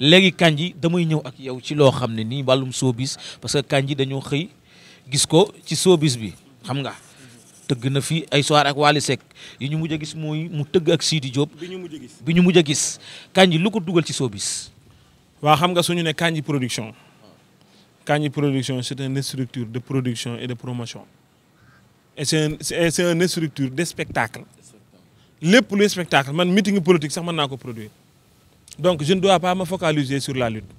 léegi Kandji damay ñëw ak yow ci loo xam ne nii wàllum showbiz parce que Kandji dañoo xëy gis ko ci showbiz bi xam nga tëgg na fi ay soir ak Wally Seck yi ñu mujj a gis mooy mu tëgg ak Sidi Diop bi ñu mujj a gis bi ñu mujj a gis Kandji lu ko dugal ci showbiz waa xam nga ñu ne Kandji production Kandji production c'est une structure de production et de promotion et c'est un c'est structure de spectacle lépp luy spectacle man meeting politique sax mën naa ko produire donc june ne dois ma me focaliser sur la lutte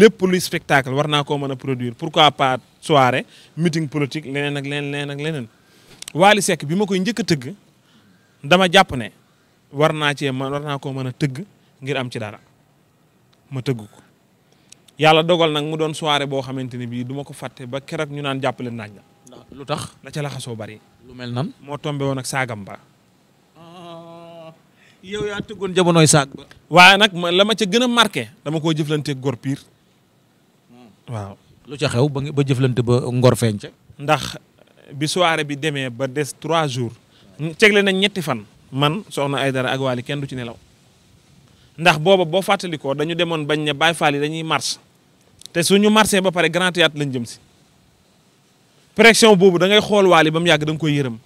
lépp luy spectacle war naa koo mën a produire pourquoi pas soirée meeting politique leneen ak leneen leneen ak leneen Wally Seck bi ma koy njëkk a tëgg dama jàpp ne war naa cee man war naa koo mën a tëgg ngir am ci dara ma tëgg ko yàlla dogal nag mu doon soirée boo xamante ni bii duma ko fàtte ba keroog ñu naan jàppale naaj la. lu tax la ca laxasoo bari. lu mel nan moo tombé woon ak saagam ba. yow yaa tëggoon jamonoy saag waa nag ma la ma ca gën a dama koo jëflanteeg gor piir hmm. waaw. lu ca xew ba jëflante ba ngor feeñ ca. ndax bi soire bi demee ba des trois jours. cegle nañ ñetti fan. man soxna ay dara ak waali kenn du ci nelaw. ndax booba boo fàttalikoo dañu demoon bañ ne Baye Fall dañuy marche te suñu marché ba pare grand théâtre lañ jëm si. pression boobu da ngay xool waali ba mu yàgg da koy yërëm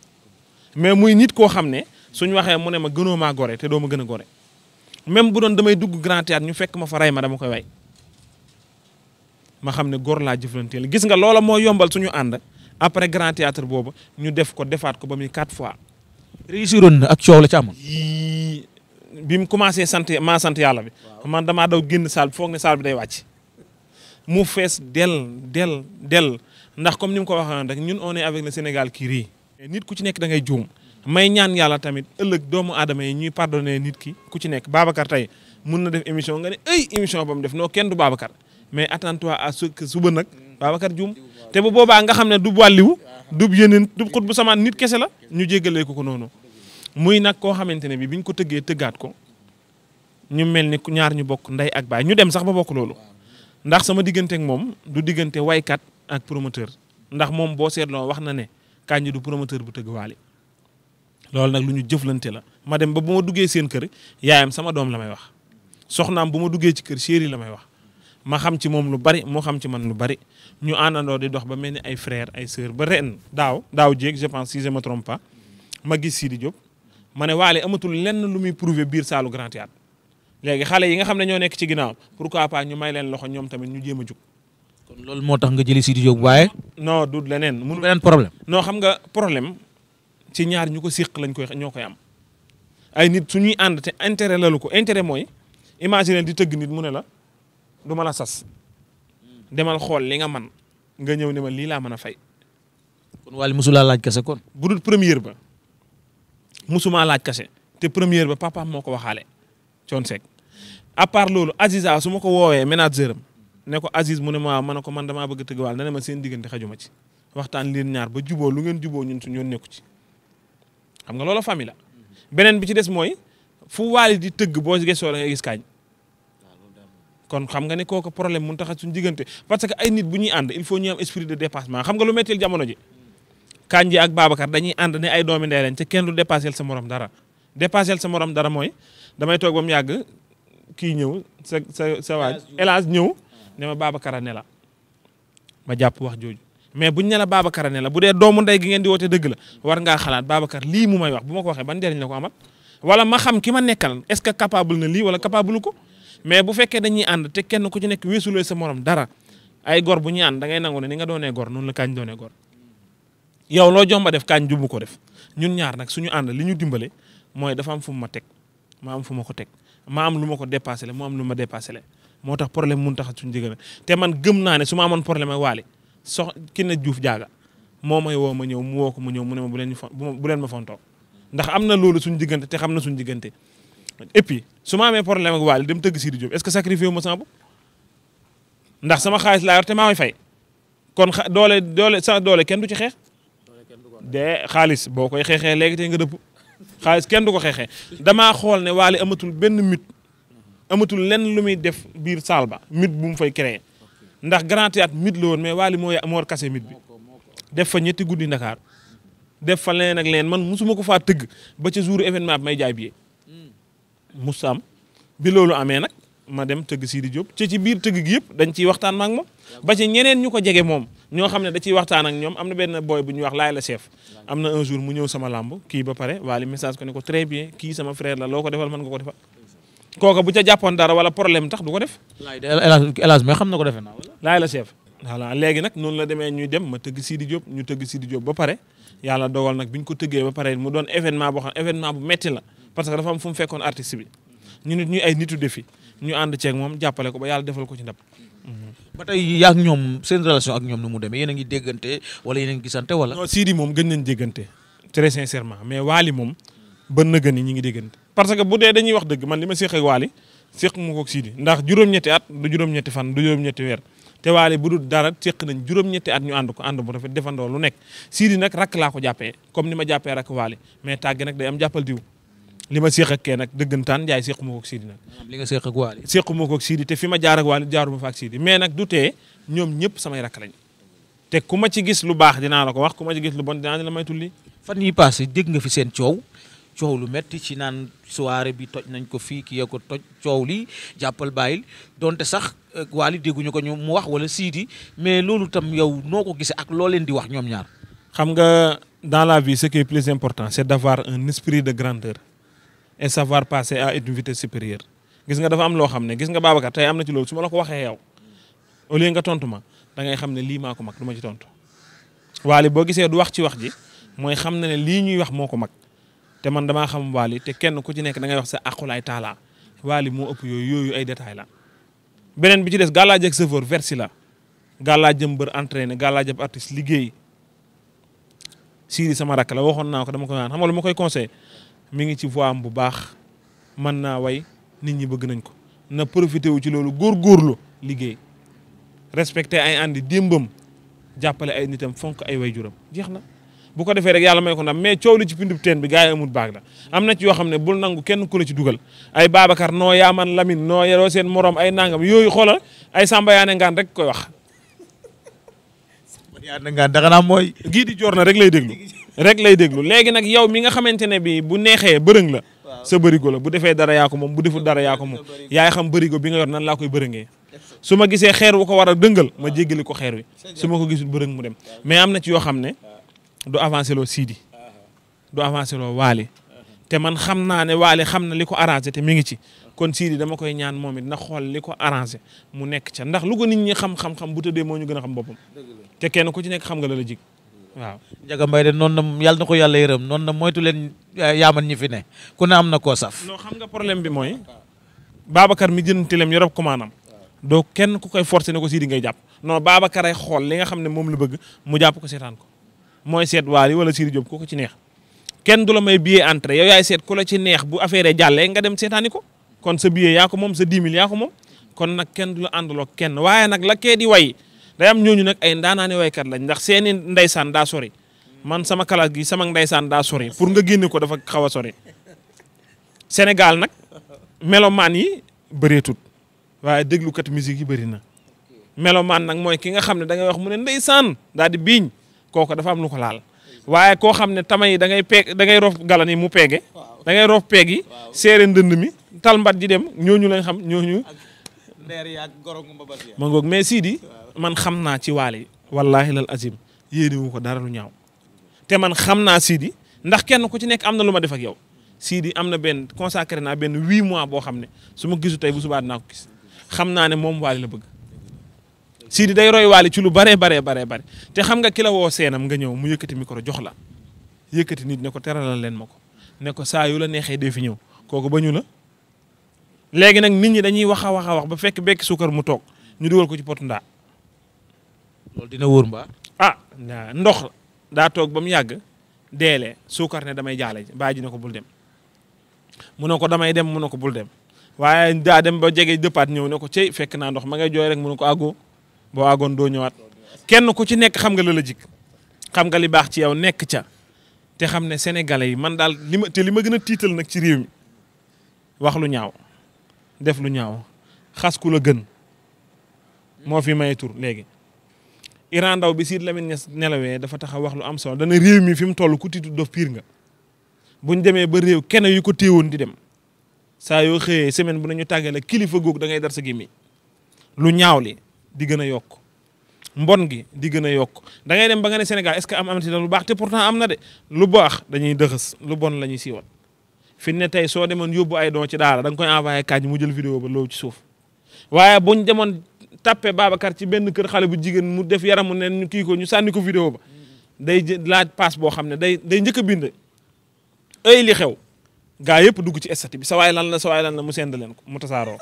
mais muy nit koo xam ne. suñ waxee mu ne ma gënoo maa gore te doo ma gën a gore même bu doon damay dugg grand théâtre ñu fekk ma fa rey ma dama koy way xam ne gor laa jëflanteel gis nga loola moo yombal suñu ànd après grand théâtre boobu ñu def ko defaat ko ba muy quatre fois. réussiroon na ak coow la ci amoon. bi mu commencé sant maa sant yàlla bi. man damaa daw génn saal foog ne saal bi day wàcc. mu fees del del del ndax comme ni mu ko waxee rek ñun one est avec le Sénégal ki rit. nit ku ci nekk da ngay juum. may ñaan yàlla tamit ëllëg doomu aadama yi ñuy pardonné nit ki ku ci nekk Babacar tey mun na def émission nga ne ay émission ba mu def noo kenn du Babacar mais attends-toi à ce que suba nag Babacar juum te bu boobaa nga xam ne du wàlliwu du yeneen du xut bu samaan nit kese la ñu jéggalee ko ko noonu muy nag koo xamante ne bi biñ ko tëggee tëggaat ko ñu mel ni ñaar ñu bokk ndey ak baay ñu dem sax ba bokk loolu ndax sama diggante ak moom du diggante waykat ak promoteur ndax moom boo seetloo wax na ne Kandji du promoteur bu tëgg Wally loolu nag lu ñu jëflante la ma dem ba bu ma duggee seen kër yaayam sama doom la may wax soxnaam bu ma duggee ci kër chéri la may wax ma xam ci moom lu bari moo xam ci man lu bari ñu àndandoo di dox ba mel ni ay frère ay sœur ba ren daaw daaw jéeg je pense si je ma gis sii di Diop ma ne waale amatul lenn lu muy prouver biir saalu Grand Théâtre léegi xale yi nga xam ne ñoo nekk ci ginnaaw pourquoi pas ñu may leen loxo ñoom tamit ñu jéem a jug kon loolu moo tax nga jëli di Diop waaye. non du leneen. mun beneen problème. non xam nga problème. ci ñaar ñu ko siq lañ koy ñoo koy am ay nit su ñuy ànd te intérêt lalu ko intérêt mooy imaginer di tëgg nit mu ne la du ma la sas demal xool li nga man nga ñëw ne ma lii laa mën a fay. kon Wally mosulaa laaj kese kon. bu dul première ba mosumaa laaj kese te première ba papa moo ko waxaale coon Seck à part loolu a su ma ko woowee manager am ne ko Aziz mu ko man damaa bëgg a tëgg ne ma seen diggante xajuma ci waxtaan leen ñaar ba juboo lu ngeen juboo ñun su ñoon nekku ci. xam nga loola famille la beneen bi ci des mooy fu waali di tëgg boo gëstoo da nga gis kaañ kon xam nga ne kooku problème mun tax a suñu diggante parce que ay nit bu ñuy ànd il faut ñu am esprit de dépassement xam nga lu metteel jamono ji Kandji ak Babacar dañuy ànd ne ay doomi ndey lañ te kenn lu dépassel sa morom dara dépassel sa morom dara mooy damay toog ba mu yàgg kii ñëw sa sa sa waaj hélas ñëw ne ma Babacar a ne la ma jàpp wax jooju mais buñ ne la Babacar ne la bu dee doomu ndey gi ngeen di woote dëgg la war ngaa xalaat Babacar lii mu may wax bu ma ko waxee ban njëriñ la ko amal wala ma xam ki ma nekkal est-ce que capable na lii wala capable ko mais bu fekkee dañuy ànd te kenn ku ci nekk weesuloo sa morom dara ay gor bu ñuy ànd da ngay nangu ne ni nga doonee gor noonu la kaañ doonee gor yow loo jomba def kaañ jubbu ko def ñun ñaar nag suñu ànd li ñu dimbale mooy dafa am fu ma teg ma fu ma ko teg ma lu ma ko dépassé le mu am lu ma dépassé moo tax problème mun tax suñu jigéen te man gëm naa ne su ma amoon problème sox ki na Diouf jaaga moo may woo ma ñëw mu woo ko ma ñëw mu ne ma bu leen bu leen ma fontoo ndax am na loolu suñ diggante te xam na suñu diggante et puis su ma amee problème ak Wally dem tëgg Sidi Diop est-ce que sacrifié wu ma sama bopp ndax sama xaalis laa yor te maa fay kon xa doole doole sa doole kenn du ci xeex de xaalis boo koy xeexee léegi tey nga dëpp xaalis kenn du ko xeexee damaa xool ne Wally amatul benn mit amatul lenn lu muy def biir saal ba mit bu mu fay créé ndax Grand Théâtre mit la woon mais Waly mooy moor kase mit bi def fa ñetti guddi Dakar def fa leneen ak leneen man musuma ko faa tëgg ba ca jour événement bi may jaay billet musaam bi loolu amee nag ma dem tëgg Sidi Diop ci ci biir tëgg gi yëpp dañ ciy waxtaan ma ak moom ba ci ñeneen ñu ko jege moom ñoo xam ne da ciy waxtaan ak ñoom am na benn booy bu ñu wax laay la chef am na un jour mu ñëw sama làmb kii ba pare Waly message ko ne ko très bien kii sama frère la loo ko defal mën nga ko defal kooka bu ca jàppoon dara wala problème tax ko def. elage na ko defe naa wala. laay la chef voilà léegi nag noonu la demee ñuy dem ma tëgg Sidi Diop ba pare yàlla dogal nag bi ñu ko tëggee ba pare mu doon événement boo xam événement bu metti que dafa am fu mu fekkoon artiste bi ñu nit moom jàppale ko ba yàlla defal ko ci ndam. Mhm. ba tey yaa ak ñoom seen relation ak ñoom nu mu demee yéen a ngi déggante wala yéen a ngi moom gën nañ déggante très sincèrement mais Waly moom ba nëgën yi ñu ngi déggante. parce que bu dee dañuy wax dëgg man li ma séq ak Waly séq ma ko Sidi ndax juróom-ñetti at du juróom-ñetti fan du juróom-ñetti weer te bu dul dara séq nañ juróom at ñu ànd ko ànd bu rafet defandoo lu nekk Sidi nag rakk laa ko jàppee comme ni ma jàppee rakk Waly mais tàgge nag day am jàppal diw li ma séq kee nag dëggantaan Ndiaye séq ma ko Sidi nag. li nga séq ak Waly. séq ma ko fi ma jaar ak Waly jaaruma fa ak Sidi mais nag du tee ñoom ñëpp samay rakk lañ te ku ma ci gis lu baax dinaa la ko wax ku ma ci gis lu bon dinaa la may tulli. fan yii passé dégg nga fi seen coow coow lu metti ci naan soirée bi toj nañ ko fii ki yee ko toj coow lii jàppal bàyyil donte sax euh, waali dégguñu ko ñu mu wax wala siidi mais loolu tam yow noo ko gise ak loo leen di wax ñoom ñaar. xam nga dans la vie ce qui est plus important c'est d'avoir un esprit de grandeur et savoir passer à une vitesse gis nga dafa am loo xam ne gis nga Babacar tey am na ci loolu su ma la ko waxee yow au lieu nga tontu ma da ngay xam ne lii maa ko mag ma ci tontu. waale boo gisee du wax ci wax ji te man damaa xam waali te kenn ku ci nekk dangay ngay wax sa aqulaay taala waali moo ëpp yooyu yooyu ay détail la beneen bi ci des gàllaaj ak chauffeur versi la gàllaaj jëm bër entraîné gàllaaj ab artiste liggéey Sidi sama rakk la waxoon naa ko dama ko naan xam nga ma koy conseillé mu ngi ci voie am bu baax man naa way nit ñi bëgg nañ ko na profité wu ci loolu góor góorgóorlu liggéey respecté ay andi démbam jàppale ay nitam fonk ay way juram jeex na bu ko defee rek yàlla may ko ndam mais coow li ci pindub teen bi gars yi amul baag la am na ci yoo xam ne bul nangu kenn ku la ci dugal ay Babacar noo yaa man Lamine noo yoroo seen morom ay nangam yooyu xoola ay Samba yaane ngaan rek ko wax. yaa na ngaan daxanaa mooy. gii di joor na rek lay déglu rek lay déglu léegi nag yow mi nga xamante ne bi bu neexee bërëng la. sa bërigo la bu defee dara yaa ko moom bu deful dara yaa ko moom yaay xam bërigo bi nga yor nan laa koy bërëngee su ma gisee xeer wu ko war a dëngal ma jéggali ko xeer wi su ma ko gisul bërëng mu dem mais am na ci yoo xam ne du avancé loo Sidi du avancé loo Waly te man xam naa ne Waly xam na li ko arrangé te mi ngi ci kon Sidi dama koy ñaan moom it na xool li ko arrangé mu nekk ca ndax lu ko nit ñi xam bu tëddee moo ñu gën a xam boppam kenn ku ci nekk xam nga la jig waaw. Ndiaga Mbaye de noonu na yàlla na ko yàlla yërëm noonu na moytu leen eh, yaaman ñi fi ne ku ne am na koo saf. non xam nga problème bi mooy Babacar mi jënd tilem yorob commande am doo kenn ku koy forcé ne ko Sidi ngay jàpp non Babacar ay li nga xam ne moom la bëgg mu jàpp ko seetaan ko. mooy seet waal yi wala Sidy Diop ku ko ci neex kenn du la may billet entrée yow yaay seet ko la ci neex bu affaire jàllee nga dem seetaani ko kon sa billet yaa moom sa 10 000 yaa ko moom kon nag kenn du la àndaloo kenn waaye nag la kee di way day am ñooñu nag ay ndaanaane waykat lañ ndax seeni ndeysaan daa sori man sama kalaas gi sama ndeysaan daa sori pour nga génne ko dafa xaw a sori Sénégal nag melomaan yi bëreetut waaye déglukat musique yi bëri na melomaan nag mooy ki nga xam ne da ngay wax mu ne ndeysaan daal di biiñ kooku dafa am lu ko laal waaye koo xam ne tama yi dangay ngay peeg da ngay roof galan yi mu peege da ngay roof peeg yi séere ndënd mi tal mbat ji dem ñooñu lañ xam ñooñu ma ngoog mais Sidi man xam naa ci waale yi wallaahi lal azim yéene wu ko dara lu ñaaw te man xam naa Sidi ndax kenn ku ci nekk am na lu ma def ak yow Sidi am na benn consacré naa benn huit mois boo xam ne su ma gisu tey bu subaa dinaa ko gis xam naa ne moom waale la bëgg Sidi day roy waale ci lu baree baree baree bare te xam nga ki woo seenam nga ñëw mu yëkkati micro jox la yëkkati nit ne ko teralal leen ma ko ne ko saa yu la neexee dee fi ñëw kooku ba ñu la. léegi nag nit ñi dañuy wax waxa wax ba fekk bekk suukar mu toog ñu dugal ko ci pot ndaa. loolu dina wóor mbaa. ah ndox daa toog ba mu yàgg deelee suukar ne damay jaale baa ji ne ko bul dem mu ne ko damay dem mu ne ko bul dem waaye daa dem ba jege dëppaat ñëw ne ko cey fekk naa ndox ma ngay jooy rek mu ne ko ago boo àggoon doo ñëwaat kenn ku ci nekk xam nga la la jik xam nga li baax ci yow nekk ca te xam ne sénégalais yi man daal li ma te li ma gën a tiital nag ci réew mi wax lu ñaaw def lu ñaaw xas ku la gën moo fi may tur léegi. Iran Ndaw bi Sidy Lamine Niass nelawee dafa taxaw wax lu am solo dana réew mi fi mu toll ku tiitu dof piir nga buñ demee ba réew kenn yi ko téewoon di dem saa yoo xëyee semaine bu nañu tàggee la kilifa googu dangay ngay dar sa gémmiñ lu ñaaw li di gën a yokk mbon gi di gën a yokk da ngay dem ba nga ne senegal est-ce que am amati na baax te pourtant am na de lu baax dañuy dëxës lu bon la ñuy siiwal fi ne tey soo demoon yóbbu ay don ci daara da nga koy envoyé kañ mu jël vidéo ba loolu ci suuf waaye buñ demoon tappe Babacar ci benn kër xale bu jigéen mu def yaramu ne ñu kii ñu sànni ko vidéo ba day laaj paas boo xam ne day day njëkk a bind li xew gaa yëpp dugg ci estati bi sa waay lan la sa waay lan la mu send leen ko mu tasaaroo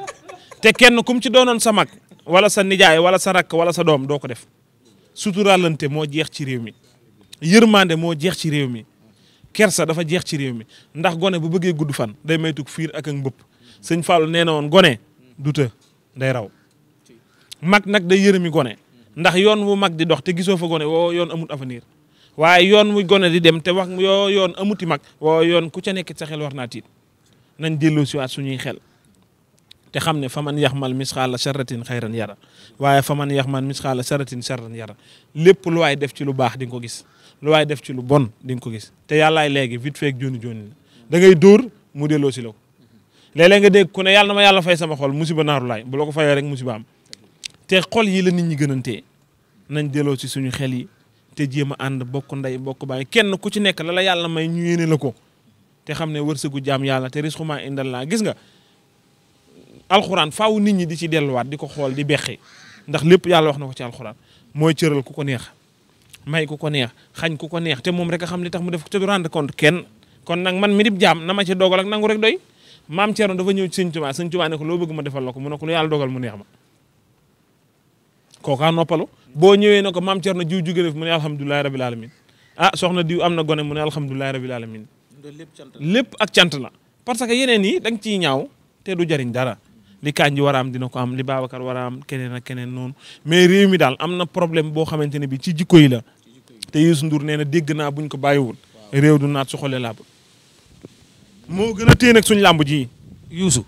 te kenn kum ci doonoon sa mag wala sa nijaay wala sa rakk wala sa doom doo ko def suturaalante moo jeex ci réew mi yërmande moo jeex ci réew mi kersa dafa jeex ci réew mi ndax gone bu bëggee gudd fan day maytug fiir ak ak mbëpp sëñ Fallou nee na woon gone du day raw mag nag day yërëmi gone ndax yoon wu mag di dox te gisoo fa gone woo yoon amut avenir waaye yoon wu gone di dem te wax yoo yoon amuti mag woo yoon ku ca nekk sa xel war naa tiit nañ delloo siwaat suñuy xel te xam ne fa man yaxmal misxaala sarratin xayran yara waaye fa man yaxmal misxaala sarratin sarran yara lépp lu waay def ci lu baax di nga ko gis lu waay def ci lu bon di nga ko gis te yàllaay léegi vite fait joni joni dangay ngay mu delloo si la ko léeg-léeg nga dégg ku ne yàlla na ma yàlla fay sama xol musiba naaru laay bu la ko fayee rek musiba am te xol yi la nit ñi gënantee nañ delloo si suñu xel yi te jéem a ànd bokk ndey bokk baay kenn ku ci nekk la la yàlla may ñu yéene la ko te xam ne wërsëgu jaam yàlla te risquement indal laa gis nga alxuraan faaw nit ñi di ci delluwaat di ko xool di beqi ndax lépp yàlla wax na ko ci alxuraan mooy cëral ku ko neex may ku ko neex xañ ku ko neex te moom rek a xam li tax mu def ko te du rendre kenn kon nag man mi dib jaam na ma ci dogal ak rek doy maam dafa ñëw ci sëñ Tuubaa sëñ Tuubaa loo bëgg ma defal la ko mu ne ko lu yàlla dogal mu ma kookaa noppalu boo ñëwee ne ko maam Thierno jiw jóge def mu ne alhamdulilahi rabil alamin ah soxna diw am na gone mu ne alhamdulilahi rabil alamin lépp ak cant la parce que yeneen yi da nga ciy ñaaw te du jariñ dara li Kandji war a am dina ko am li Babacar war am keneen a keneen noonu mais réew mi daal am na problème boo xamante ne bi ci jikko yi la te Youssou Ndour nee na dégg naa buñ ko bàyyiwul réew du naat su xoolee làmb gën a téye nag suñ làmb ji Youssou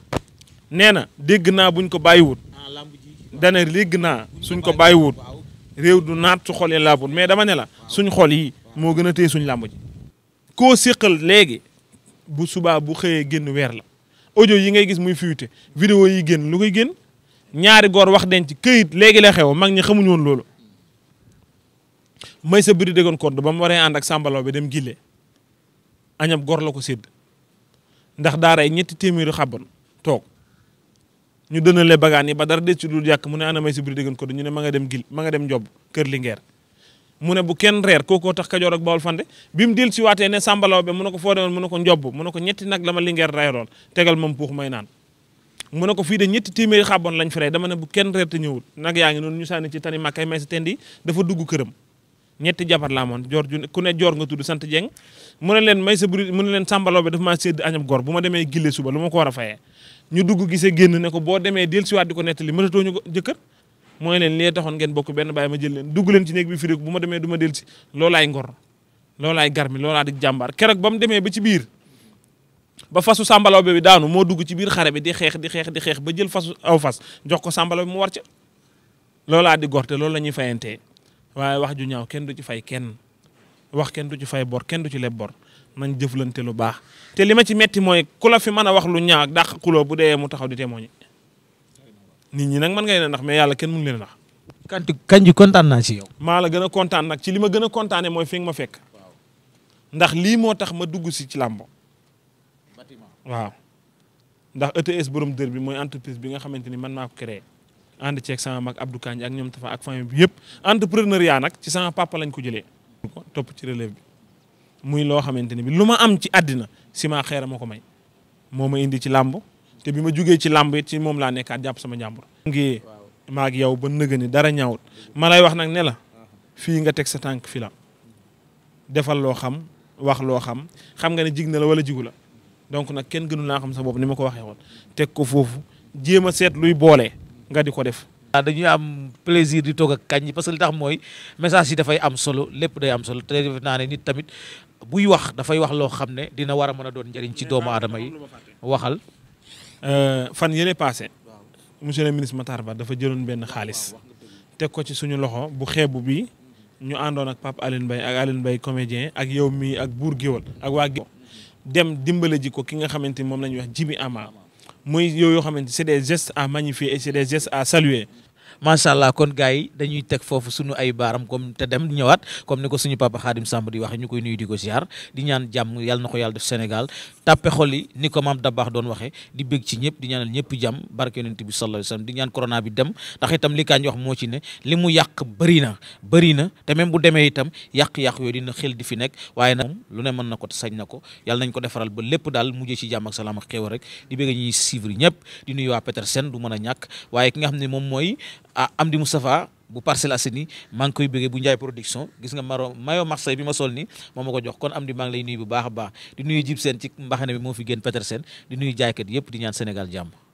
nee na dégg naa buñ ko bàyyiwut ah, dana dégg naa suñ ko bàyyiwut réew du naat su xoolee làmbut mais dama ne la suñ xol yi moo gën a téye suñ làmb ji koo séqal léegi bu subaa bu xëyee génn weer la audio yi ngay gis muy fuité vidéo yi génn lu koy génn ñaari goor wax denc këyit léegi la xew mag ñi xamuñu woon loolu may sa biri déggoon code ba mu waree ànd ak sàmbalaw bi dem gile añam goor la ko sédd ndax daara ay ñetti téeméeri xabban toog ñu dënalee bagaan yi ba dara des ci dul yàq mu ne ana may sa biri déggoon code ñu ne ma nga dem gil ma nga dem njob kër Linguère mu ne bu kenn reer kookoo ka Kajoor ak Bawol Fande bi mu dellu si waatee ne Samba be mu ne ko foo demoon mu ne ko njobb mu ne ko ñetti nag la ma lingeer reeroon tegal moom mu ne ko fii de ñetti téeméeri lañ fi dama ne bu kenn reer te ñëwul nag yaa ngi noonu ñu sànni ci tani makkay may sa tendi yi dafa dugg këram ñetti jabar laa moon joor ju ku ne joor nga tudd sant Dieng mu ne leen may sa buri mu ne leen Samba Laobé dafa maa sédd añam gor bu ma demee gille suba lu ma ko war a fayee ñu dugg gisee génn ne ko boo demee dellu si waat ko nettali mënatoo ñu ko jëkkër mooy leen lee taxoon ngeen bokk benn baay ma jël leen dugg leen ci néeg bi firiku bu ma demee du ma dellu si loolaay ngor loolaay garmi loolaa di jàmbaar keroog ba mu demee ba ci biir ba fasu sàmbalaw bi daanu moo dugg ci biir xare bi di xeex di xeex di xeex ba jël fasu aw fas jox ko sàmbalaw bi mu war ca loolaa di gorte loolu la ñuy fayantee waaye wax ju ñaaw kenn du ci fay kenn wax kenn du ci fay bor kenn du ci leb bor nañ jëflante lu baax te li ma ci metti mooy ku la fi mën a wax lu ñaaw ak dàq bu dee mu taxaw di témoigner nit ñi nag mën ngay ne ndax mais yàlla kenn mënu leen nax kanti kanji kontaan naa ci yow. maa la gën a kontaan nag ci li ma gën a kontaanee mooy fi nga ma fekk. ndax lii moo tax ma dugg si ci làmb. waaw ndax ETS borom dër bi mooy entreprise bi nga xamante ni man maa ko créé. ànd ceeg sama mag Abdou Kañ ak ñoom Tafa ak famille bi yëpp entrepreneuriat nag ci sama papa lañ ko jëlee. topp ci relève bi muy loo xamante ni bi lu ma am ci àddina si maa xeera ma ko may moo ma indi ci làmb. te bi ma jugee ci làmb it ci moom laa nekkaat jàpp sama njàmbur. ngi maag yow ba nëgë ni dara ñaawut ma lay wax nag ne la fii nga teg sa tànk fi la defal loo xam wax loo xam xam nga ne jig na la wala jigu la donc nag kenn gënu laa xam sa bopp ni ma ko waxee woon teg ko foofu jéem a seet luy boole nga di ko def. waaw dañuy am plaisir di toog ak kañ parce que li tax mooy message yi dafay am solo lépp day am solo te def naa nit tamit buy wax dafay wax loo xam ne dina war a mën a doon njëriñ ci doomu aadama yi waxal. Euh, fan yële passé monsieur le ministre Matar Ba dafa jëloon benn xaalis teg ko ci suñu loxo bu xeebu bi ñu àndoon ak pap Aline bay ak Aline Mbaye comédien ak yow mi ak buur géwal ak waa géwal dem dimbale ji ko ki nga xamante ni moom la ñuy wax Jibi Ama muy yow yoo xamante c'est des gest à magnifier et c'est des gestes à saluer macha allah kon gars yi dañuy teg foofu suñu ay baaram comme te dem ñëwaat comme ni ko suñu papa Khadim Samb di waxee ñu koy nuyu di ko ziar di ñaan jàmm yàlla na ko yàlla def Sénégal tàppe xol ni ko maam Dabaax doon waxee di bég ci ñëpp di ñaanal ñëpp jàmm barke yonent bi sallallahu alayhi wasallam di ñaan corona bi dem ndax itam li kaa ñu wax moo ci ne li mu yàq bëri na bëri na te même bu demee itam yàq-yàq yooyu dina xel di fi nekk waaye nag lu ne mën na ko sañ na ko yàlla nañ ko defaral ba lépp daal mujjee ci jàmm ak salaam ak xéewal rek di bégg ñuy suivre ñëpp di nuyu waa Petersen du mën a ñàkk waaye ki nga xam ne moom mooy ah Amdi Moustapha bu Parcelles Assainies maa ngi koy bëggee bu Njaay production gis nga maro mayo Marseille bi ma sol ni moo ma ko jox kon Amdi maa ngi lay nuyu bu baax a baax di nuyu Jib Seen ci mbaxane bi moo fi génn Petersen di nuy jaaykat yëpp di ñaan Sénégal jàmm